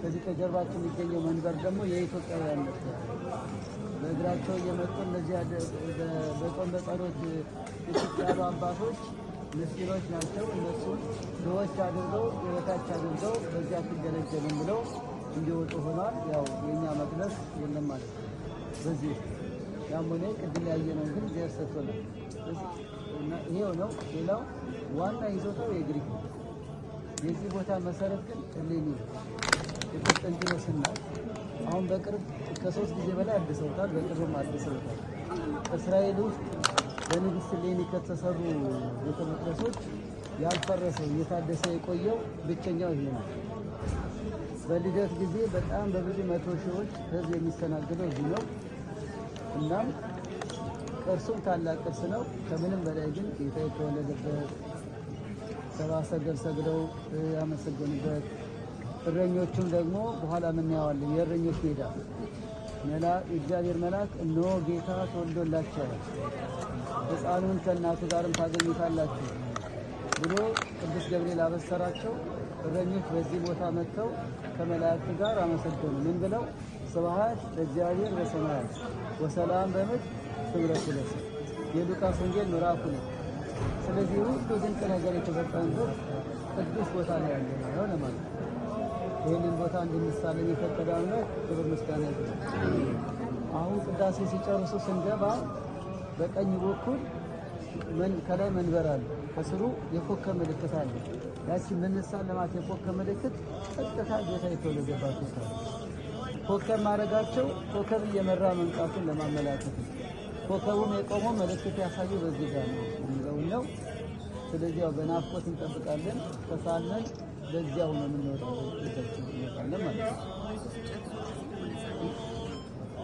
ከዚህ ከጀርባችን የሚገኘው መንበር ደግሞ የኢትዮጵያውያን ነበር። በእግራቸው እየመጡ እነዚህ በጾም በጸሎት ያሉ አባቶች ምስኪኖች ናቸው። እነሱን ሰዎች አድርገው ሕይወታች አድርገው በዚያ ትገለገልም ብለው እንዲወጡ ሆኗል። ያው የእኛ መቅደስ የለም ማለት ነው። በዚህ ያም ሆነ ቅድም ያየነው ግን ዚያሰቶናል ይሄው ነው። ሌላው ዋና ይዞታው የግሪክ ነው። የዚህ ቦታ መሰረት ግን እሌኒ የቆስጠንጢኖስና አሁን በቅርብ ከሶስት ጊዜ በላይ አድሰውታል። በቅርብም አድሰውታል። እስራኤል ውስጥ በንግስት እሌኒ ከተሰሩ ቤተ መቅደሶች ያልፈረሰው እየታደሰ የቆየው ብቸኛው ይሄ ነው። በልደት ጊዜ በጣም በብዙ መቶ ሺዎች ህዝብ የሚስተናግደው እዚህ ነው። እናም ቅርሱም ታላቅ ቅርስ ነው። ከምንም በላይ ግን ጌታ የተወለደበት ሰባ ሰገል ሰግደው ያመሰገኑበት እረኞቹም ደግሞ በኋላ የምናየዋለን። የእረኞች ሜዳ እግዚአብሔር መልአክ እነሆ ጌታ ተወልዶላቸዋል፣ ሕፃኑን ከእናቱ ጋርም ታገኙታላችሁ ብሎ ቅዱስ ገብርኤል አበሰራቸው። እረኞች በዚህ ቦታ መጥተው ከመላእክት ጋር አመሰገኑ። ምን ብለው? ስብሐት ለእግዚአብሔር በሰማያት ወሰላም በምድር ስብረት ለሰብእ የሉቃስ ወንጌል ምዕራፍ ነው? ስለዚህ ሁሉ ድንቅ ነገር የተፈጸመበት ቅዱስ ቦታ ነው ያለ ነው ለማለት ይህንን ቦታ እንድንሳለን የፈቀደ አምላክ ክብር ምስጋና ይግባ። አሁን ቅዳሴ ሲጨርሱ ስንገባ በቀኝ በኩል ከላይ መንበር አለ፣ ከስሩ የኮከብ ምልክት አለ። ያቺ ምንሳን ለማት የኮከብ ምልክት ቀጥታ ጌታ የተወለደባት ኮከብ ማድረጋቸው ኮከብ እየመራ መምጣቱን ለማመላከት ነው። ኮከቡም የቆመው ምልክት ያሳየው በዚህ ጋር ነው የሚለውን ነው። ስለዚህ ያው በናፍቆት እንጠብቃለን። ከሳለን በዚያው ነው የምንወጣው ቤታችን እንወጣለን ማለት ነው።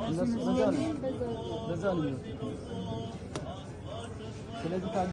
እነሱ በዛ ነው በዛ ነው የሚወጡት ስለዚህ